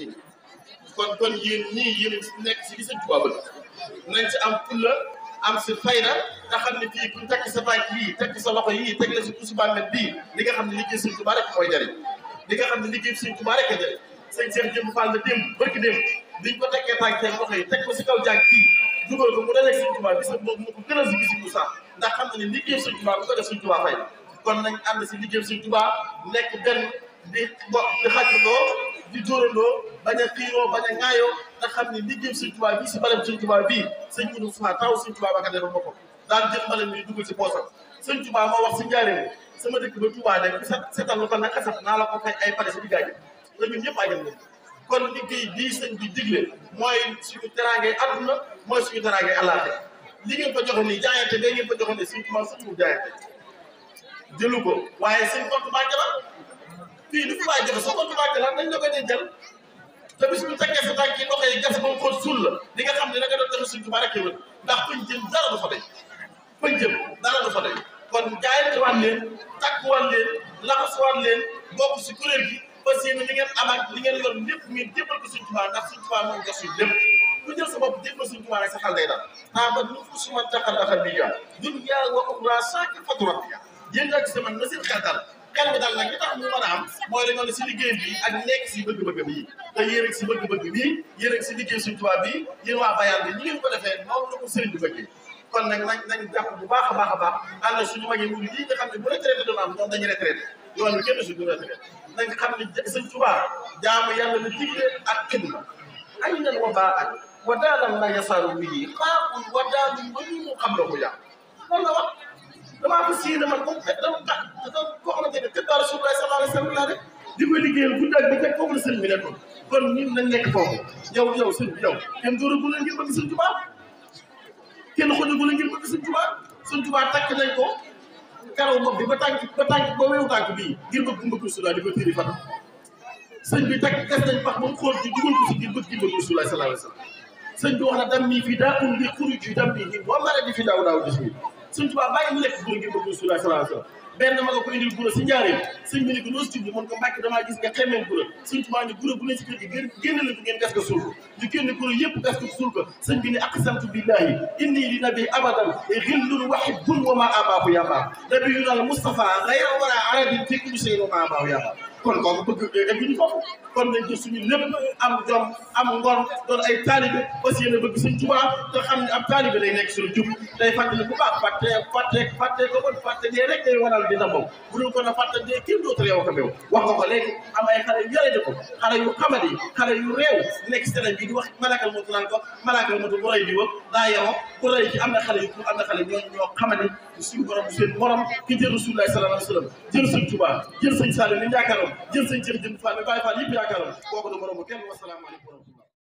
nit kon kon yéen ñii yéen nekk si gis Tuubaa ba nañ ci am fulla am si fayda nga xam ne fii ku takk sa baag yii takk sa loxo yii teg la si kusi bàmmeel bii li nga xam ne liggéey Sëñ Tuubaa rek mooy jariñ li nga a ko tekkee tànk seen loxo yi teg ko si kaw jaag bii dugal ko mu dalee Sëñ Tuubaa gis nga boobu moo ko gën a si gis bu sax ndax xam na ne liggéey Sëñ Tuubaa bu ko def Sëñ Tuubaa fay kon nañ ànd si liggéey Sëñ Tuubaa nekk benn di bo di xàcc di dóorandoo bañ a xiiroo bañ a ŋaayoo te xam ni liggéey Sëñ Tuubaa bii si barab Sëñ Tuubaa bii si poosam Sëñ Tuubaa moo wax si njaareem sama dëkk ba Tuubaa ko nag asat naa la ko fay ay pare si diggaaj la ñun ñëpp ajam nañ kon liggéey bii sëñ bi digle mooy suñu teraangay àdduna suñu teraangay da ngeen ko suñu jaayante jëlu ko waaye sëñ compte maa jabar fii li ko waay jël soo ko tubaab jëlaat nañ la ko dee jël te bis takkee sa tànk yi gas ba mu la li nga xam ne da nga doon def suñ tubaab rek yow ndax fuñ jëm dara a fa dey fuñ jëm dara du fa dey kon jaayante waan leen takkuwaan leen laxasuwaan bokk si kuréel gi parce que li ngeen amaat li ngeen yor lépp ngeen jébbal ko suñ tubaab ndax suñ tubaab moom gas suñ lépp jël sa bopp jébbal suñ tubaab rek sa xel day daal ah ba nu fu suma taxal axal bi yoon dunya wa uxra saaki faturat na seen xel am mooy li nga si liggéey bi ak nekk si bëgg-bëgg bi te yéen si bëgg-bëgg si liggéey bi yéen waa Bayal bi ñu ngeen ko defee noonu la ko sëriñ bi kon nag nañ nañ bu baax a baax a baax ànd suñu mag yi wul yi ne bu retraité doon am ñoom dañuy retraité yoon bi kenn suñu retraité nañ xam ne sëriñ Tuubaa jaamu yàlla na digle ak xidma ay nan wa baa ak wa daalam la yasaaru bii xaaqul wa daalum ba ñu mu xam la ko yàq loolu la wax damaa ko sii man ko tëddal Rasulullah sallallahu alayhi wa sallam di ko liggéeyal bu daj bi fekk foofu la sëñ bi nekkoon kon ñun nañ nekk foofu yow yow sëñ bi ngir bëgg sëñ Tuubaa kenn xojagu la ngir bëgg sëñ Tuubaa sëñ Tuubaa takk nañ ko karaw bopp bi ba tànk ba tànk ba wewu tànk bii ngir bëgg bu mbëgg Rasulullah di ko bi takk gas nañ bax ba mu di dugal si ngir bëgg di bëgg Rasulullah sallallahu alayhi wa bi wax na dam mii fii daa um li xuruj yi dam mii wa mara di suñ tubaab bàyyi mu lekk góor gi ko góor sula sala sala benn ma nga ko indil gura si njaareem sëñ bi ne ko noosi jublu mën ko gis nga xemeen gura suñ gura bu si kër gi génn la ko gas ko suul ko ñu gura yëpp gas ko suul ko sëñ bi billahi inni li nabi abadan xillun wahibun wa ma abaahu yabaa nabiyuna al mustafa gayra wala arabin fi kulli shay'in wa ma abaahu yabaa kon kooku bëgg ngay def ñu kooku kon nañ ci suñu lépp am jom am ngor doon ay taalibe aussi bëgg suñ Tuubaa te xam ab taalibe day nekk suñu jub day fàttali bu baax ko bon fàtte dee rek day waral dina moom bu dul ko na fàtte dee kenn dootul yow ko meew wax nga ko léegi am ay xale yu yore di ko xale yu di wax malakal motu naan ko malakal motu bu di wëp daa yero bu am na xale yu am na xale ñoo ñoo xamadi suñu borom seen morom ki jël Rasulullah sallallahu alayhi wa sallam jël suñ Tuubaa jël suñ Saliou li ñu jël seen cër jënd faal mais bàyyi faal yëpp yaakaaroon kooku du moromu kenn wasalaamaaleykum